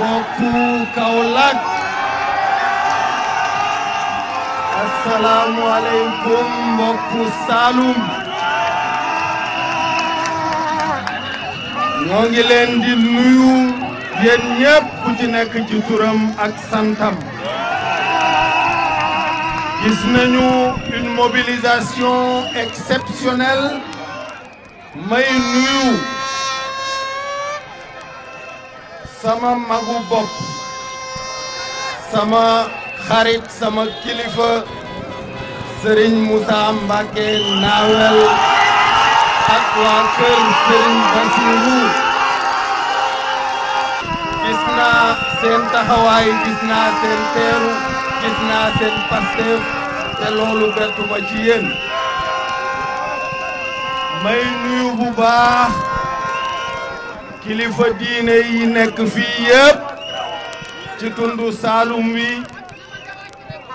mbokku Kaolack asalaamualeykum mbokku Saloum ñoo ngi leen di nuyu yéen ñépp ku nekk ci turam ak santam gis nañu une mobilisation exceptionnelle may nuyu sama magu bopp sama xarit sama kilifa Serigne Moussa Mbacké naawel ak waa kër Serigne Bassirou gis naa seen taxawaay gis naa seen teeru gis naa seen pasteef te loolu bettu ci yéen may nuyu bu kilifa diine yi nekk fii yëpp ci tundu Saalum wi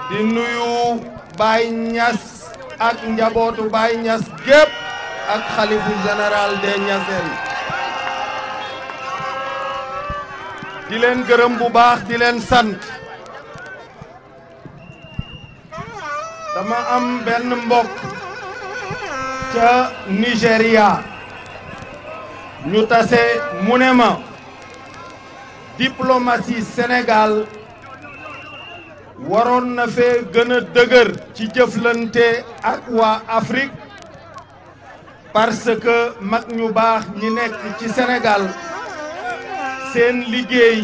di nuyu Baye Niass ak njabootu Baye Niass gépp ak xalifu général des Niassène di gërëm bu baax di leen sant dama am benn mbokk ca Nigéria ñu tase mu ne ma diplomatie Sénégal waroon na fee gën a dëgër ci jëflante ak waa Afrique parce que mag ñu baax ñi nekk ci Sénégal seen liggéey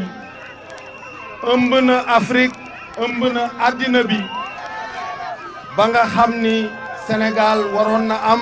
ëmb na Afrique ëmb na àddina bi ba nga xam ni Sénégal waroon na am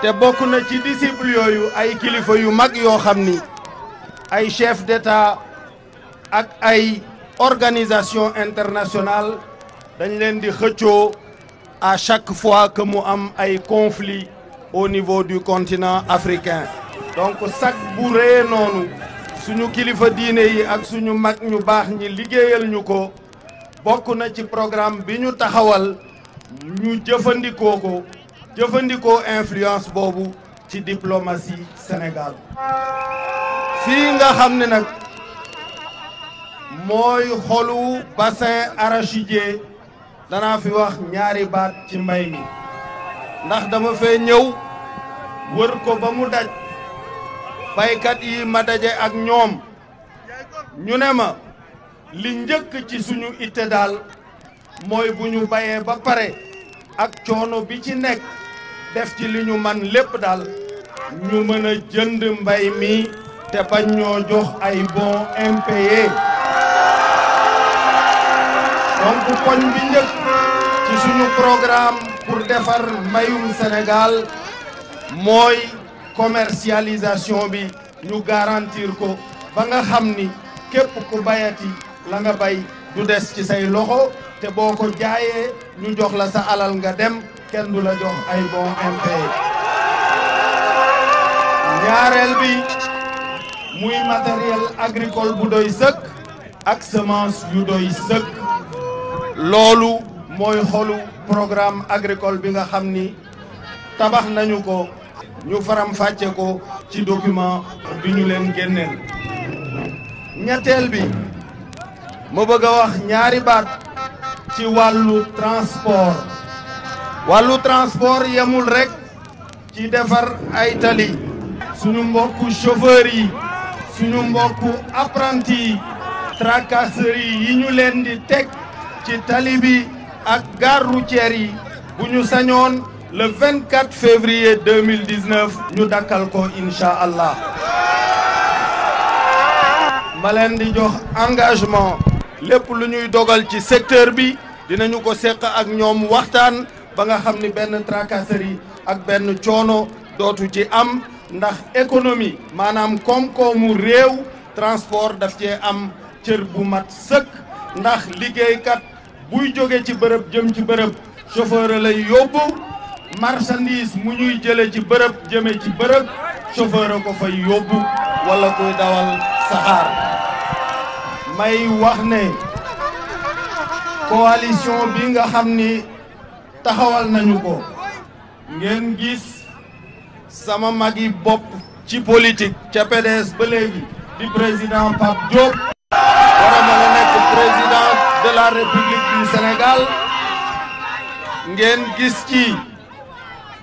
te bokk na ci disciple yoyu ay kilifa yu mag yo xamni ay chef d'état ak ay organisation internationale dañ leen di xëccio à chaque fois que mu am ay conflit au niveau du continent africain donc sac bu ré nonu suñu kilifa diiné yi ak suñu mag ñu baax ñi liggéeyal ñu ko na ci programme bi ñu taxawal ñu jëfandikoo ko jëfandikoo influence boobu ci diplomatie Sénégal fii nga xam ne nag mooy xolu bassin arachidier danaa fi wax ñaari baat ci mbay mi ndax dama fee ñëw wër ko ba mu daj baykat yi ma daje ak ñoom ñu ne ma li njëkk ci suñu itte daal mooy bu ñu bayee ba pare ak coono bi ci nekk def ci li ñu man lépp daal ñu mën a jënd mbay mi te bañ ñoo jox ay bon impayé donc koñ bi njëkk ci suñu programme pour defar mbayum Sénégal mooy commercialisation bi ñu garantir ko ba nga xam ni képp ku bayati la nga bay du des ci say loxo te boo ko jaayee ñu jox la sa alal nga dem kenn du la jox ay bon MP ñaareel bi muy matériel agricole bu doy sëkk ak semence yu doy sëkk loolu mooy xolu programme agricole bi nga xam tabax nañu ko ñu faram fàcce ko ci document bi ñu leen génneel ñetteel bi ma bëgg wax ñaari baat ci wàllu transport wàllu transport yamul rek ci défar ay tali suñu mbokk chauffeur yi suñu mbokk apprenti yi tracasserie yi ñu leen di teg ci tali bi ak gare routière yi bu ñu sañoon le 24 février 2019 ñu dakkal ko incha allah ma leen di jox engagement lépp lu ñuy dogal ci secteur bi dinañu ko seq ak ñoom waxtaan ba nga xam ni benn tracasserie ak benn coono dootu ci am ndax économie maanaam koom-koomu réew transport daf cee am cër bu mat sëkk ndax liggéeykat buy jóge ci bërëb jëm ci bërëb chauffeur lay yóbbu marchandise mu ñuy jële ci bërëb jëme ci bërëb chauffeur a ko fay yóbbu wala kuy dawal saxaar may wax ne coalition bi nga xam ni taxawal nañu ko ngeen gis sama mag bop ci politique ca PDS ba di président Pape Diop président de la République du Sénégal ngeen gis ci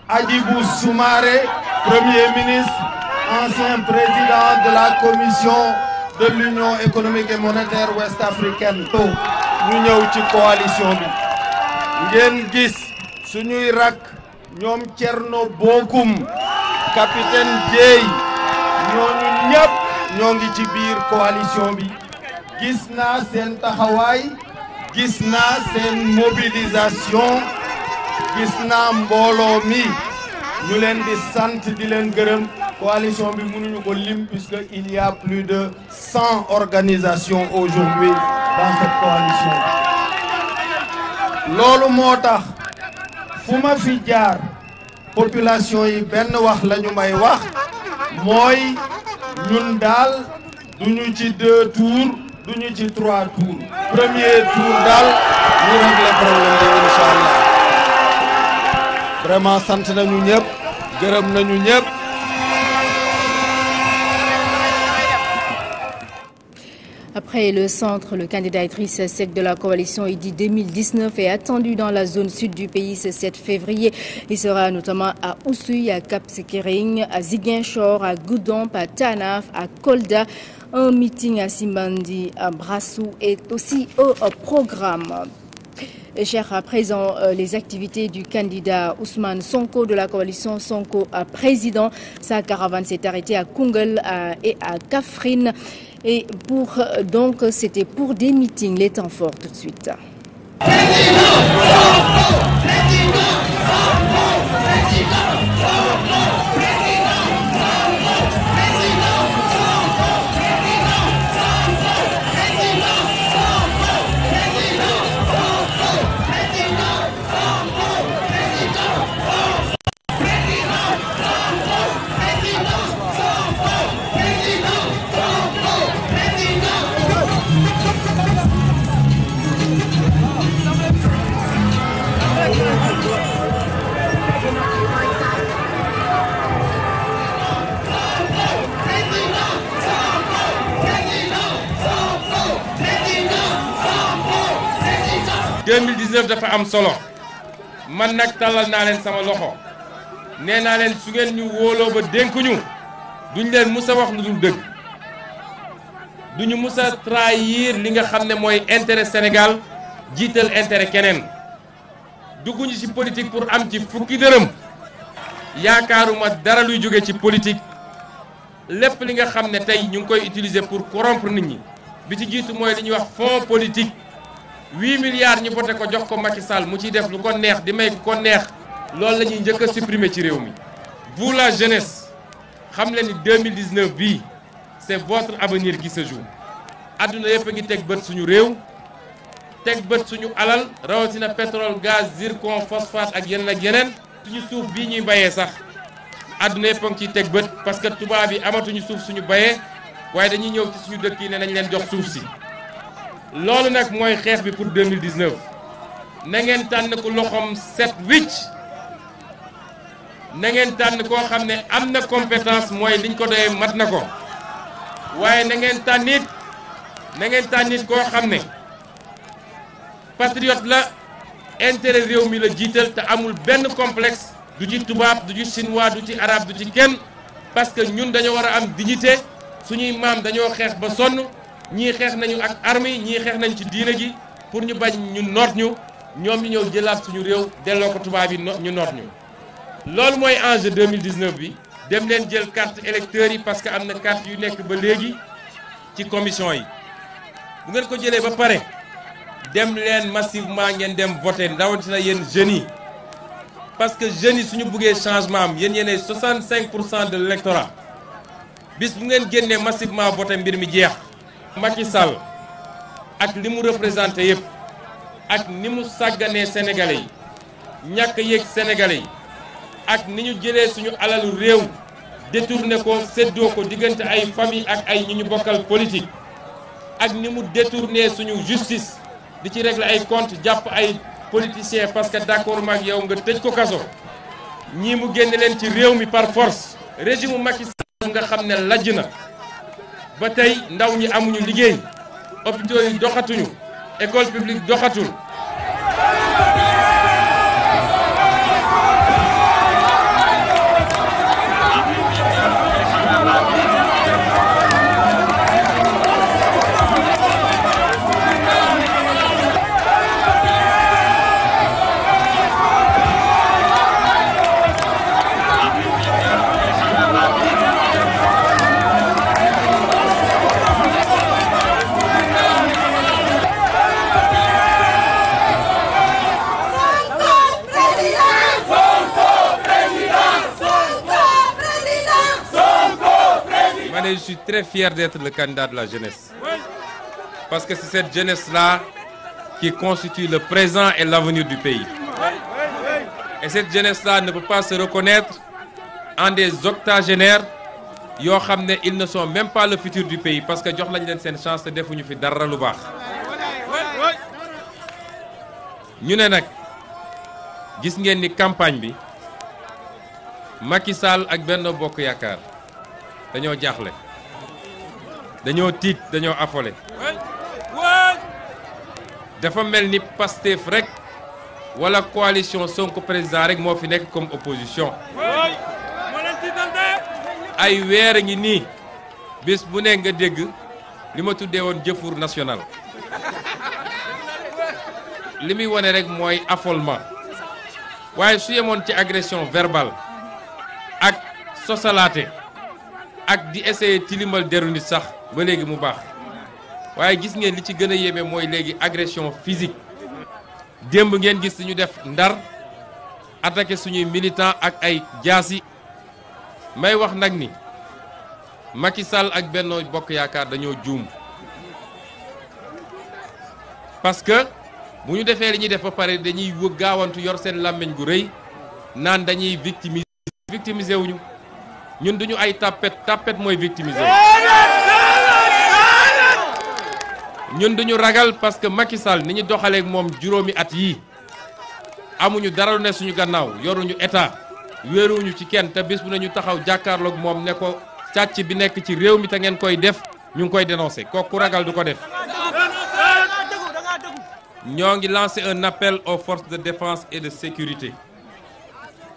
Adibou Soumaré premier ministre ancien président de la commission de l'Union économique et monétaire ouest africaine to ñu ñëw ci coalition bi gis suñuy rak ñom Thierno Bokum capitaine djey Capitaine ñep ñongi ci biir coalition bi gis naa seen taxawaay gis mobilisation Gisna naa Nous mi ñu leen di sante di len La coalition bi mënuñu ko lim puisque il y a plus de 100 organisations aujourd'hui dans cette coalition lolu motax fu ma fi jaar population yi benn wax la ñu may wax mooy ñun daal duñu ci deux tours duñu ci trois tours premier tour daal ñu régler problème bi incha allah vraiment sant nañu ñëpp gërëm nañu ñëpp Après le centre, le candidat Idriss de la coalition IDI 2019 est attendu dans la zone sud du pays ce 7 février. Il sera notamment à Oussouy, à cap à Ziguinchor, à Goudamp, à Tanaf, à Kolda. Un meeting à Simandi, à Brassou est aussi au programme. Cher à présent, euh, les activités du candidat Ousmane Sonko de la coalition Sonko à président. Sa caravane s'est arrêtée à Kungel et à Kafrine. Et pour, euh, donc, c'était pour des meetings, les temps forts tout de suite. leader dafa am solo man nag tàllal naa leen sama loxo nee naa leen su ngeen ñu wóoloo ba dénkuñu duñ leen musa wax lu dul dëgg duñu musa a trahir li nga xam ne mooy intérêt Sénégal jiital intérêt keneen dugguñu ci politique pour am ci fukki dërëm yaakaaruma dara luy jóge ci politique lépp li nga xam ne tey ñu ngi koy utiliser pour corrompre nit ñi bi ci jiitu mooy li ñuy wax fonds politique 8 milliards ñu voté ko jox ko Macky Sall mu ci def lu ko neex di may ko neex loolu lañuy ñuy supprimer ci réew mi. vous la jeunesse xam leen ni 2019 bi c'est votre avenir qui se joue aduna yépp a ngi teg bët suñu réew teg bët suñu alal rawatina pétrole gaz zircon phosphate ak yeneen ak yeneen. suñu suuf bi ñuy bayee sax aduna yépp a ngi ciy teg bët parce que tubaab bi amatuñu suuf suñu bayee waaye dañuy ñëw ci suñu dëkk yi ne nañ leen jox suuf si. loolu nag mooy xeex bi pour 2019 na ngeen tànn ku loxoom set wicc na ngeen tànn koo xam ne am na compétence mooy liñ ko doyee mat na ko waaye na ngeen tànn it na ngeen tànn koo xam ne patriote la intérêt réew mi la jiital te amul benn complexe du ci tubaab du ci chinois du ci arabe du ci kenn parce que ñun dañoo war a am dignité suñuy maam dañoo xeex ba sonn ñii xeex nañu ak armes yi ñii xeex nañ ci diina gi pour ñu bañ ñu noot ñu ñoom ñu ñëw jëlaat suñu réew delloo ko tubaab yi ñu noot ñu. loolu mooy enjeu 2019 bi dem leen jël carte électeurs yi parce que am na carte yu nekk ba léegi ci commission yi bu ngeen ko jëlee ba pare dem leen massivement ngeen dem voter rawatina yéen jeunes yi parce que jeunes yi suñu buggee changement am yéen yéenay 65 pour cent de l'électorat bis bu ngeen génnee massivement voter mbir mi jeex. Macky Sall ak li mu représenté yëpp ak ni mu sàgganee sénégalais yi ñàkk yéeg sénégalais yi ak ni ñu jëlee suñu alalu réew détourné ko séddoo ko diggante ay famille ak ay ñi ñu bokkal politique ak ni mu détourné suñu justice di ci régler ay compte jàpp ay politiciens parce que d'accord maak yow nga tëj ko kaso ñii mu génne leen ci réew mi par force régime Macky Sall nga xam ne lajj na ba tey ndaw ñi amuñu liggéey hôpitaux doxatuñu école publique doxatul je suis très fier d'être le candidat de la jeunesse. Parce que c'est cette jeunesse-là qui constitue le présent et l'avenir du pays. Et cette jeunesse-là ne peut pas se reconnaître en des octogénaires ils ne sont même pas le futur du pays parce que jox une chance de faire des choses. Nous avons une campagne bi dañoo jaaxle dañoo tiit dañoo affolé dafa mel ni Pastef rek wala coalition Sonko président rek moo fi nekk comme opposition ay weer ngi nii bis bu ne nga dégg li ma tuddee woon jëfur national li muy wane rek mooy affolement waaye su yemoon ci agression verbale ak sosalaate ak di essayer tilimal deru nit sax ba léegi mu baax waaye gis ngeen li ci gën a yéeme mooy léegi agression physique démb ngeen gis ñu def ndar attaqué suñuy militan ak ay jaasi may wax nag ni Macky Sall ak Benno Bokk Yaakaar dañoo juum parce que bu ñu defee li ñuy def ba pare dañuy gaawantu yor seen làmmiñ gu rëy naan dañuy victimiser wuñu ñun duñu ay tapet tapet mooy victimisé ñun duñu ragal parce que Macky Sall ni ñu doxaleek moom juróomi at yi amuñu dara lu ne suñu gannaaw yoruñu état wéeruñu ci kenn te bis bu nañu taxaw jàkkaarlook moom ne ko càcc bi nekk ci réew mi te ngeen koy def ñu ngi koy dénoncé kooku ragal du ko def ñoo ngi lancé un appel au forces de défense et de sécurité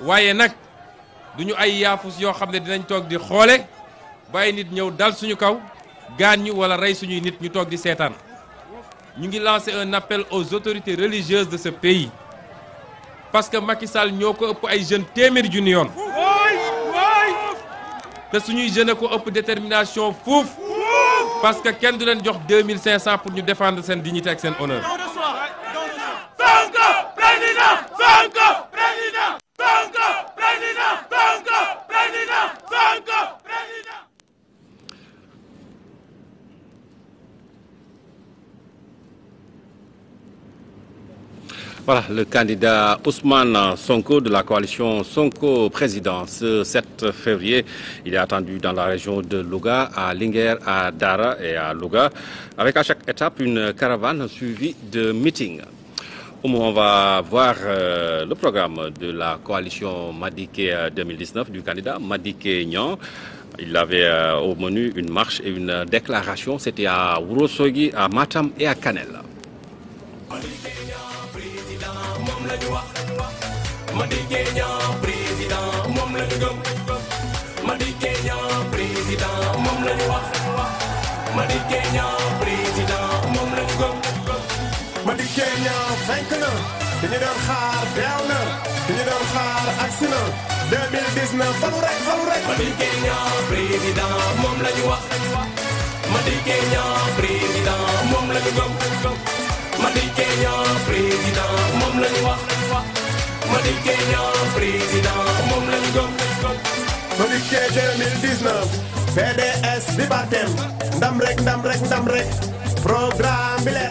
nous nak duñu ay yafus yo xam dinañ tok di xolé bàyyi nit ñew dal suñu kaw gaañ ñu wala ray suñu nit ñu tok di sétane ñu ngi lancer un appel aux autorités religieuses de ce pays parce que Macky Sall ñoko ëpp ay jeunes téeméeri junni yoon te suñuy jeune ko ëpp détermination fouf parce que kenn du leen jox 2500 pour ñu défendre sen dignité ak sen honneur. Voilà, le candidat Ousmane Sonko de la coalition Sonko président. Ce 7 février, il est attendu dans la région de Louga, à Linger, à Dara et à Louga, avec à chaque étape une caravane suivie de meetings. On va voir euh, le programme de la coalition Madike euh, 2019 du candidat Madike Nyan. Il avait euh, au menu une marche et une déclaration. C'était à Wurosogi, à Matam et à Canel. Madické Niang président moom la ñu gëm Madické Niang président moom la ñu wax Madické Niang président moom la ñu gëm Madické Niang fenk na dañu doon xaar beew na dañu doon xaar agsi na 2019 falu rek falu rek Madické Niang président moom la ñu wax Madické Niang président moom la ñu gëm Madické Niang président moom la ñu wax Madické Niang président moom lañ gëm Madické 2019 PDS bi programme bi leer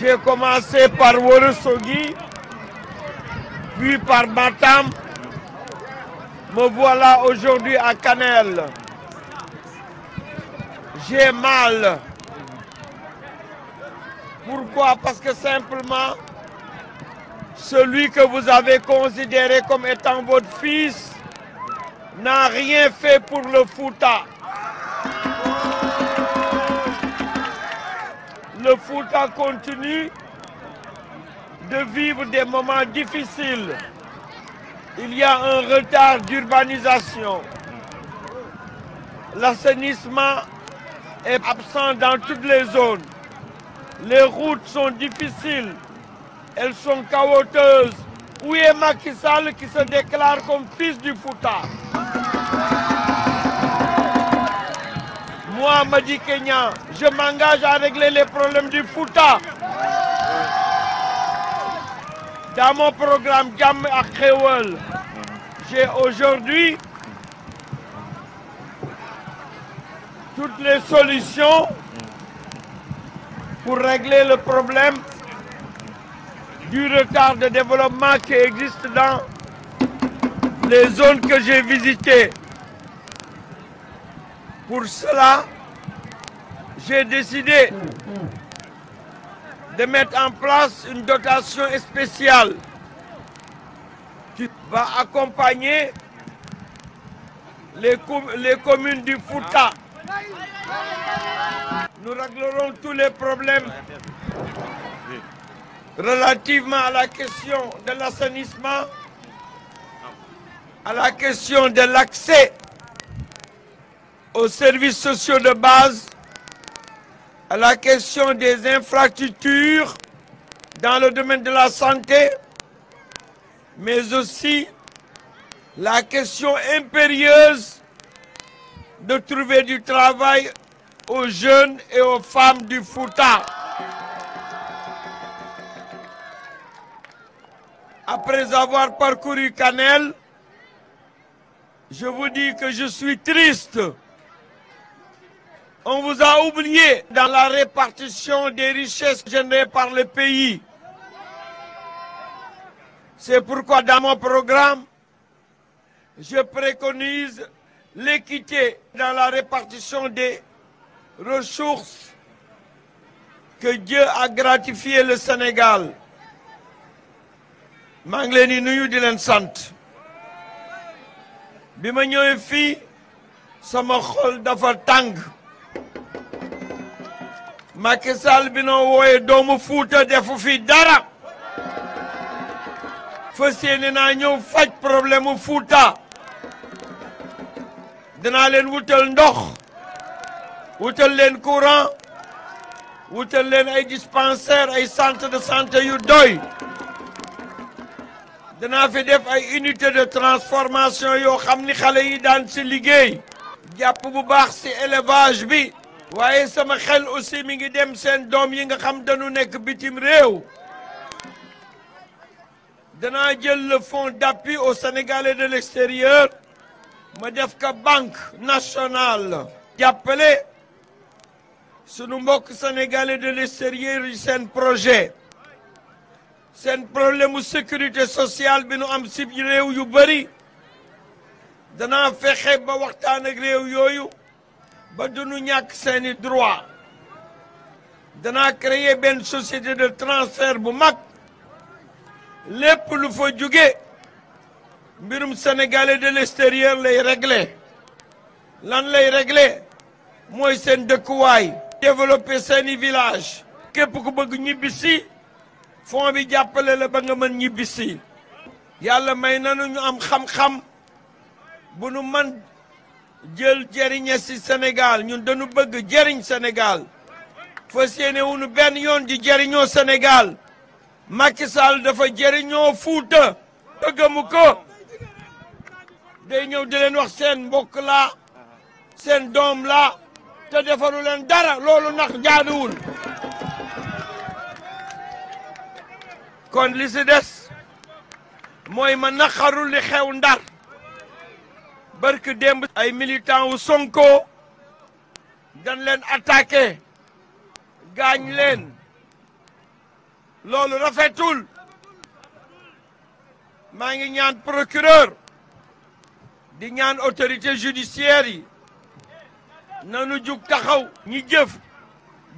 J'ai commencé par Worosogi, puis par Batam. Me voilà aujourd'hui à Canel. J'ai mal. Pourquoi Parce que simplement, celui que vous avez considéré comme étant votre fils n'a rien fait pour le Fouta. le Fouta continue de vivre des moments difficiles. Il y a un retard d'urbanisation. L'assainissement est absent dans toutes les zones. Les routes sont difficiles. Elles sont caoteuses. Où est Macky Sall qui se déclare comme fils du Fouta Moi, Madi Kenya, je m'engage à régler les problèmes du Fouta. Dans mon programme Gamme à j'ai aujourd'hui toutes les solutions pour régler le problème du retard de développement qui existe dans les zones que j'ai visitées. Pour cela, j'ai décidé de mettre en place une dotation spéciale qui va accompagner les, les communes du Fouta. Nous réglerons tous les problèmes relativement à la question de l'assainissement, à la question de l'accès aux services sociaux de base, à la question des infrastructures dans le domaine de la santé, mais aussi la question impérieuse de trouver du travail aux jeunes et aux femmes du Fouta. Après avoir parcouru Canel, je vous dis que je suis triste on vous a oublié dans la répartition des richesses générées par le pays. C'est pourquoi dans mon programme, je préconise l'équité dans la répartition des ressources que Dieu a gratifié le Sénégal. Mangleni nuyu di Macky Sall bi noo wooye doomu Fuuta defu fi dara fas yéene naa ñëw faj problème mu Fuuta danaa leen wutal ndox wutal leen courant wutal leen ay dispensaire ay centre de santé yu doy danaa fi def ay unité de transformation yoo xam ni xale yi daan ci liggéey jàpp bu baax ci élevage bi waye sama xel aussi mi ngi dem sen dom yi nga xam dañu nek bitim rew le fonds d'appui au Sénégalais de l'extérieur ma def banque nationale nous sunu mbok Sénégalais de l'extérieur sen un projet un problème de sécurité sociale bi nu am si rew yu bari dana fexe ba waxtaan ak ba du ñu ñàkk seeni droit danaa créer benn société de transfert bu mag lépp lu fa jóge mbirum sénégalais de l'extérieur lay régler lan lay régler mooy seen dëkkuwaay développer seeni village képp ku bëgg Faut fond bi jàppale la ba nga mën ñibbisi yàlla may nanu ñu am xam-xam bu nu man jël jëriñe si Sénégal ñun dañu bëgg jëriñ Sénégal fa yéene benn yoon di jëriñoo Sénégal Macky Sall dafa jëriñoo Fuuta bëggamu ko day ñëw di leen wax seen mbokk la seen doom la te defaru leen dara loolu nax jaaduwul kon li si des mooy ma naqarul li xew Ndar barke demb ay militant wu Sonko dañ len attaquer gañ len lolou rafetul ma ngi ñaan procureur di ñaan autorité judiciaire yi nanu jug taxaw ñi jëf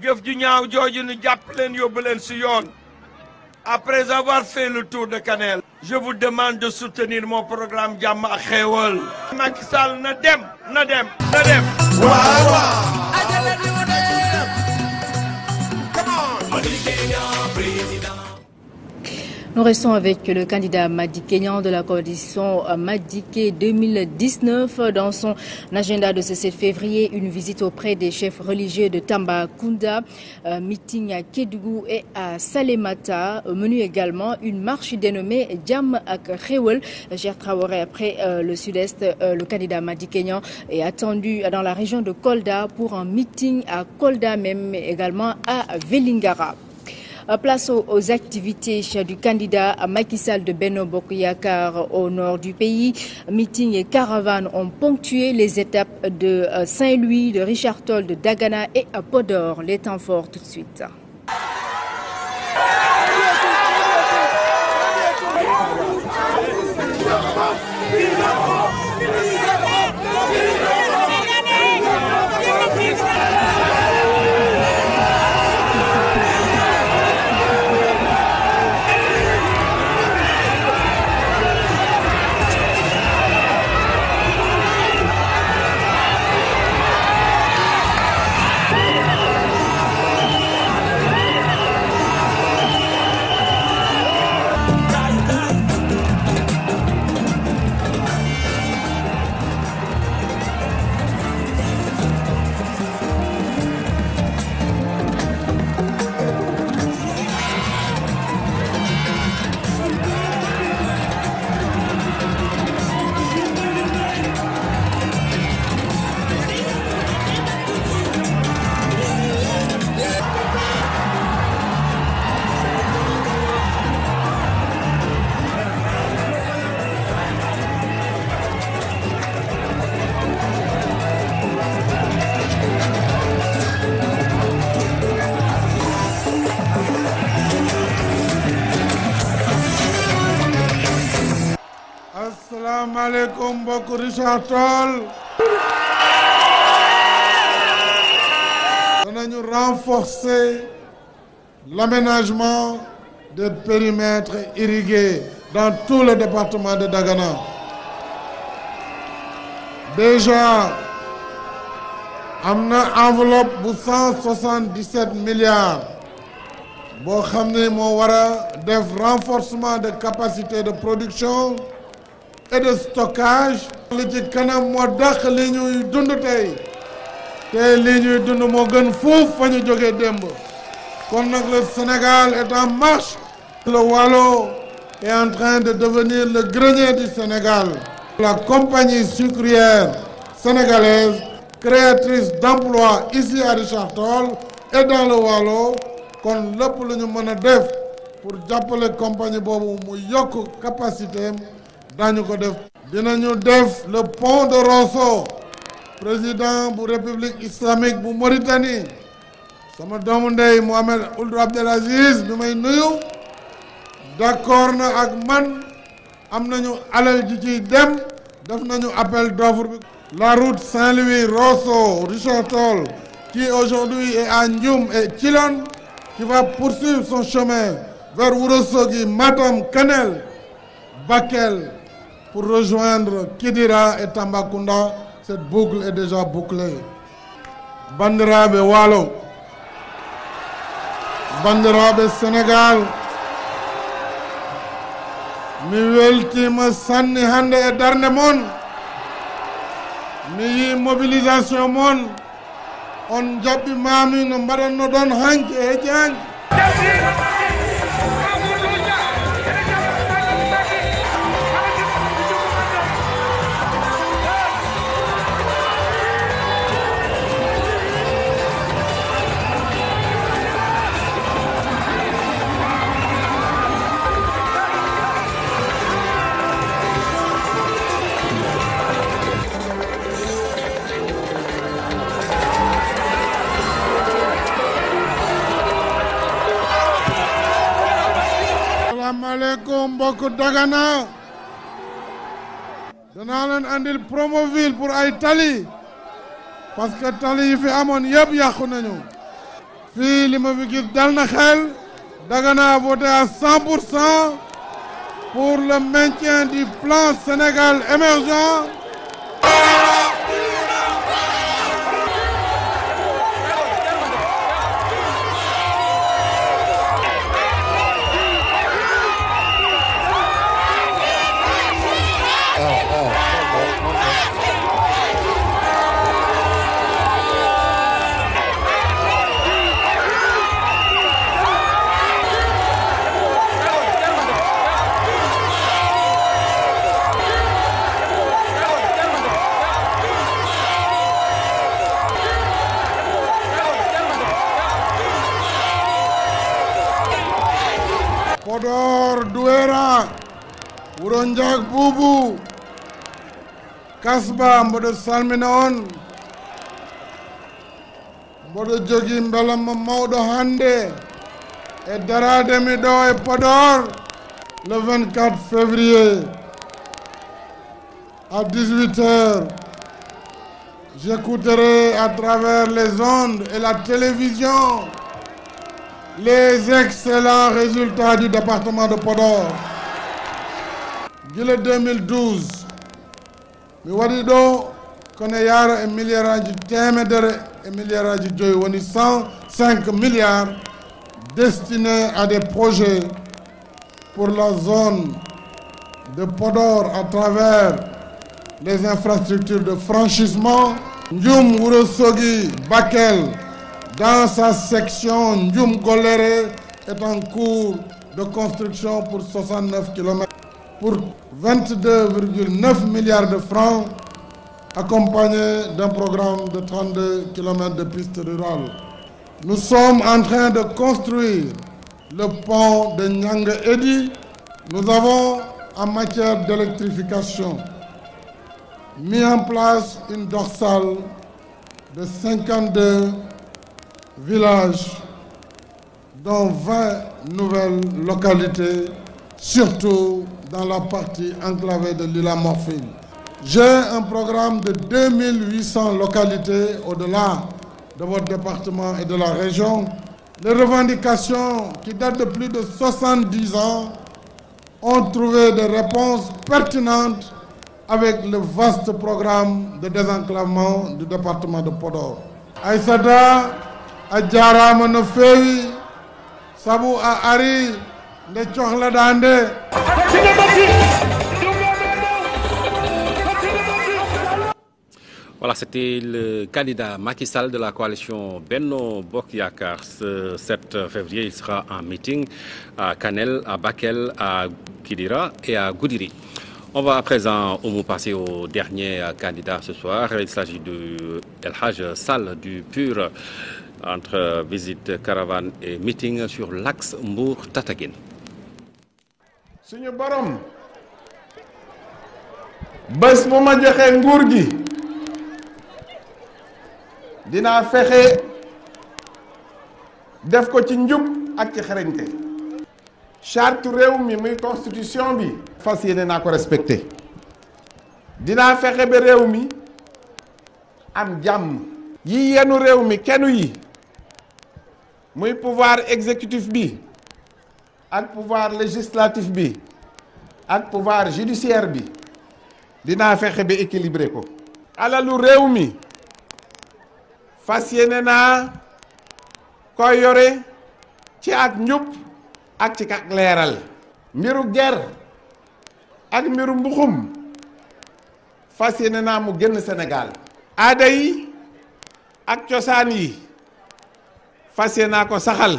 jëf ju ñaaw joju ñu japp len yoon après avoir fait le tour de canel je vous demande de soutenir mon programme Jàmm ak Xéewal Nadem, Nadem, Nadem. dem Nous restons avec le candidat Madi Kenyan de la coalition euh, Madiké 2019. Dans son agenda de ce 7 février, une visite auprès des chefs religieux de Tamba Kunda, euh, meeting à Kedugu et à Salemata. menu également une marche dénommée Djam Ak Cher après euh, le sud-est, le candidat Madi Kenyan est attendu dans la région de Kolda pour un meeting à Kolda, même également à Velingara. Euh, place aux, activités du candidat Macky Sall de Beno Bokuyakar au nord du pays. Meeting et caravanes ont ponctué les étapes de euh, Saint-Louis, de Richard Toll, de Dagana et à Podor. Les temps forts tout de suite. nous Richard Toll renforcer l'aménagement des périmètres irrigués dans tout le département de Dagana. Déjà, a enveloppe de 177 milliards pour renforcement de capacités de production et de stockage le ñuy dund li ñuy dund le Sénégal est en marche le Wallo est en train de devenir le grenier du Sénégal la compagnie sucrière sénégalaise créatrice d'emplois ici à Richard et dans le Wallo, kon lépp lu ñu mën a def pour jàppale compagnie capacité nous ko le pont de Rosso président la république islamique de Mauritanie sama doomu Mohamed Ould Abdel bi may nuyu d'accord na ak man am alal dem def nañu appel d'offre la route Saint-Louis Rosso Richard Toll qui aujourd'hui est à Ndioum et Chilon qui va poursuivre son chemin vers Ourossogui Matam Kanel Bakel pour rejoindre Kidira et Tambacounda, cette boucle est déjà bouclée. Bandirabe Walo, Bandirabe Sénégal, mi Kim sanni hande e et mon. mi mobilisation mon. on jaɓɓi mami no don et e Dagana danaa leen andil Promoville pour ay parce que tali yi fi amoon yëpp yàqu nañu fii li ma fi gis dal Dagana a voté à 100 pour le maintien du plan Sénégal émergent le 24 février à 18 h j'écouterai à travers les ondes et la télévision les excellents résultats du département de Podor. le 2012 mais e e milliards destinés à des projets pour la zone de Podor à travers les infrastructures de franchissement Ndjoum Bakel dans sa section Ndioum Goléré est en cours de construction pour 69 km pour 22,9 milliards de francs accompagné d'un programme de 32 km de pistes rurales. Nous sommes en train de construire le pont de Nyanga-Edi. Nous avons, en matière d'électrification, mis en place une dorsale de 52 villages, dont 20 nouvelles localités, surtout dans la partie enclavée de l'île Morphine. J'ai un programme de 2800 localités au-delà de votre département et de la région. Les revendications qui datent de plus de 70 ans ont trouvé des réponses pertinentes avec le vaste programme de désenclavement du département de Podor. Aïsada, Adjara à Sabou Ari. Voilà, c'était le candidat Macky Sall de la coalition Benno Bokyakar. Ce 7 février, il sera en meeting à Canel, à Bakel, à Kidira et à Goudiri. On va à présent on va passer au dernier candidat ce soir. Il s'agit de El Haj Sall du PUR entre visite, caravane et meeting sur l'axe Mbour-Tataguine suñu borom bés bu ma joxee nguur Dina dinaa fexe def ko ci njub ak ci charte réew muy constitution bi fas yéene naa ko respecté dinaa fexe ba réew mi am jàmm yi yenu réew mi yi muy pouvoir exécutif bi ak pouvoir législatif bi ak pouvoir judiciaire bi dina fexe bi équilibré ko alalu réew mi na yéene naa koy ci ak njub ak ci ak léral miru ger ak miru mbuxum fas mu génn Sénégal aday ak cosaan yi fas ko saxal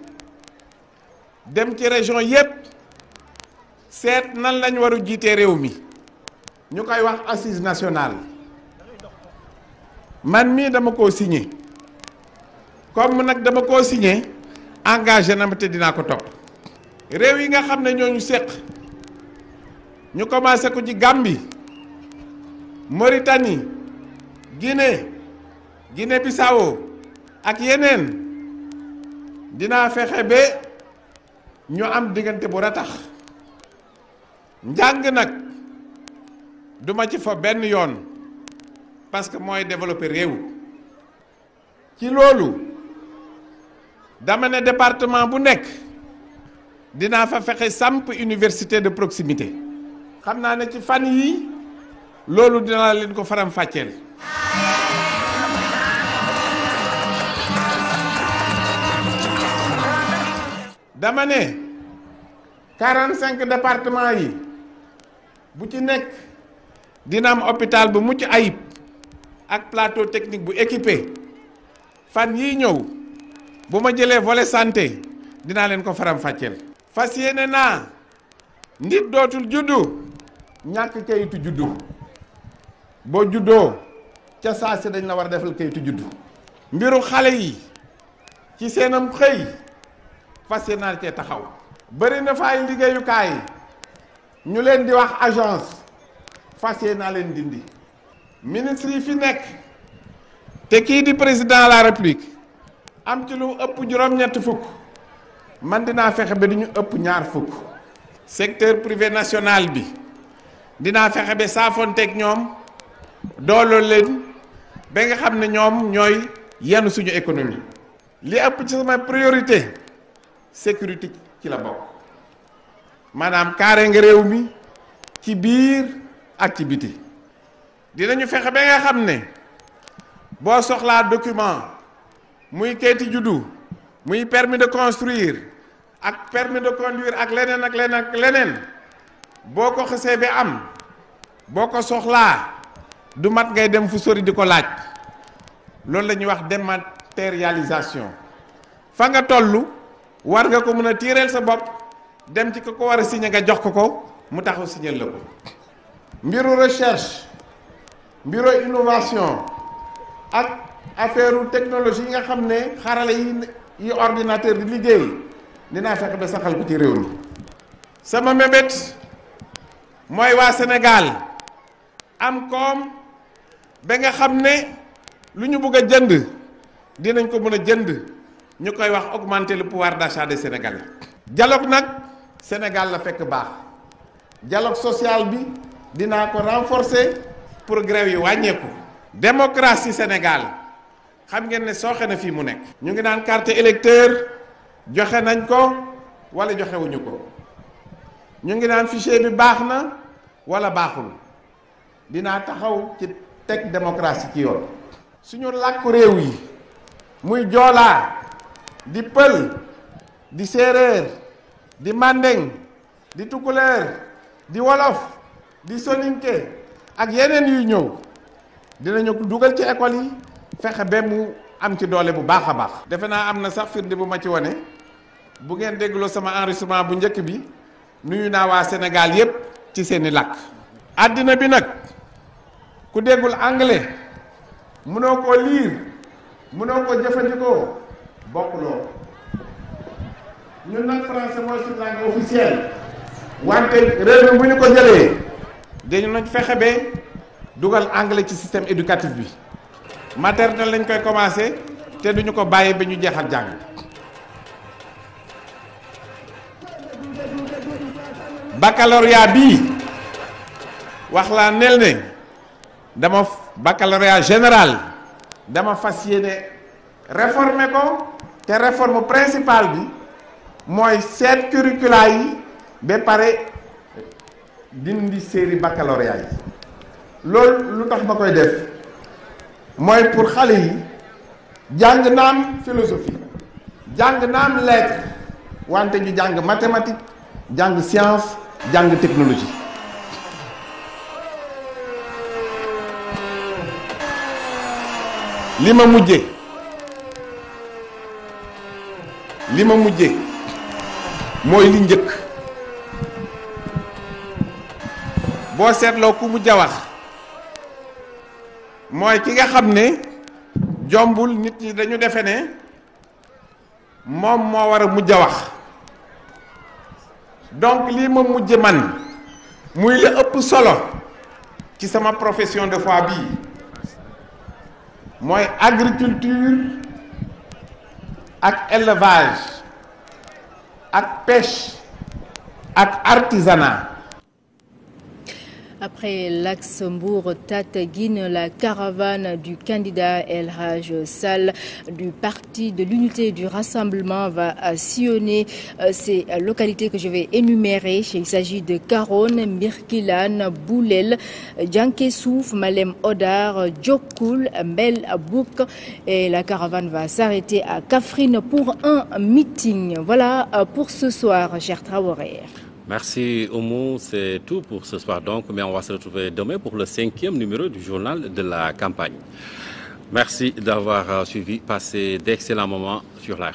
dem ci région yépp seet nan lañu war a jiitee réew mi ñu koy wax assise nationale man mii dama ko signé comme nag dama ko signé engagé na ma te dinaa ko topp réew yi nga xam ne ñooñu séq ñu commencé ko ci Gambie Mauritanie Guinée Guinée Bissau ak yeneen dinaa fexe ba ñu am diggante bu ratax njàng nag duma ci fa benn yoon parce que mooy développer réew ci loolu dama ne département bu nekk dinaa fa fexe samp université de proximité xam naa ne ci fan yi loolu dinaa leen ko faram fàcceel dama ne 45 département yi bu ci nek dina am hôpital bu mucc ayib ak plateau technique bu équipé fan yi ñew bu ma jëlee volet santé dina len ko faram fàcceel fas na nit dootul juddu ñàkk kayitu juddu bo juddo ca saa dañ la war a defal kayitu juddu mbiru xalé yi ci senam xey fas yéene cee taxaw bari na fay ligéyu kay ñu leen di wax agence fas yéene leen dindi ministre fi nek té ki di président la république am ci lu upp juróom-ñett fukk man dina fexé be diñu upp ñaar fukk secteur privé national bi dinaa fexe ba saafonteeg ñoom dooloo leen be nga xamné ñom ñoy ñooy suñu économie li upp ci sama priorité sécurité qui la bokk Madame kaare nga réew ci biir dinañu ba document muy Kéti judu. muy permis de construire ak permis de conduire ak lenen, ak lenen, ak am du mat dem di dématérialisation war nga ko mën a tiireel sa bopp dem ci ko ko war a signé nga jox ko ko mu taxaw signal la ko mbiru recherche mbiru innovation ak affaire technologie nga xam ne xarala yi yi ordinateur di liggéey dinaa fekk ba saxal ko ci réew mi sama mebet mooy waa Sénégal am koom ba nga xam ne lu ñu bëgg a jënd dinañ ko mën jënd ñu koy wax augmenter le pouvoir d'achat des Sénégalais dialogue nag Sénégal la fekk baax dialogue social bi dinaa ko renforcer pour grève yi wàññeeku démocratie Sénégal xam ngeen ne sooxe na fii mu nekk ñu ngi naan carte électeur joxe nañ ko wala joxewuñu ko ñu ngi naan fichier bi baax na wala baaxul dinaa taxaw ci teg démocratie ci yoon suñu làkku réew yi muy joolaa di pël di séeréer di mandeng di tukuleer di wolof di soninke ak yeneen yuy ñëw dinañu dugal ci école yi fexe ba mu am ci doole bu baax a baax defe naa am na sax firnde bu ma ci wane bu ngeen dégloo sama enregistrement bu njëkk bi nuyu naa waa Sénégal yépp ci seeni làkk àddina bi nag ku déggul anglais mënoo koo liir mënoo ko jëfandikoo Nous sommes en français c'est langue officielle wante réew bu ñu ko jëlé dañu anglais système éducatif bi maternelle lañ koy commencé té duñu ko bayé baccalauréat wax la nel dama baccalauréat général dama fas réformer ko cette réforme principale, c'est que sept curriculaires sont préparés pour une série de baccalauréats. ce que je veux faire. C'est pour les enfants, j'ai une philosophie, j'ai une lettre, j'ai une mathématique, j'ai une science, j'ai une technologie. Ce que j'ai fait, lima mujjé moy li njëkk bo sétlo ku mujj a wax ki nga xamné ne jombul nit ñi dañu défé né mom mo wara donc lii ma man muy le ëpp solo ci sama profession de foi bi moy agriculture ak élevage ak pêche ak artisanat Après Luxembourg-Tateguine, la caravane du candidat El Haj Sall du Parti de l'Unité du Rassemblement va sillonner euh, ces localités que je vais énumérer. Il s'agit de Caronne, Mirkilan, Boulel, Djankesouf, Malem Odar, Djokoul, Bouk Et la caravane va s'arrêter à Kafrine pour un meeting. Voilà euh, pour ce soir, cher Traoré. Merci Oumou, c'est tout pour ce soir donc, mais on va se retrouver demain pour le cinquième numéro du journal de la campagne. Merci d'avoir euh, suivi, passé d'excellents moments sur la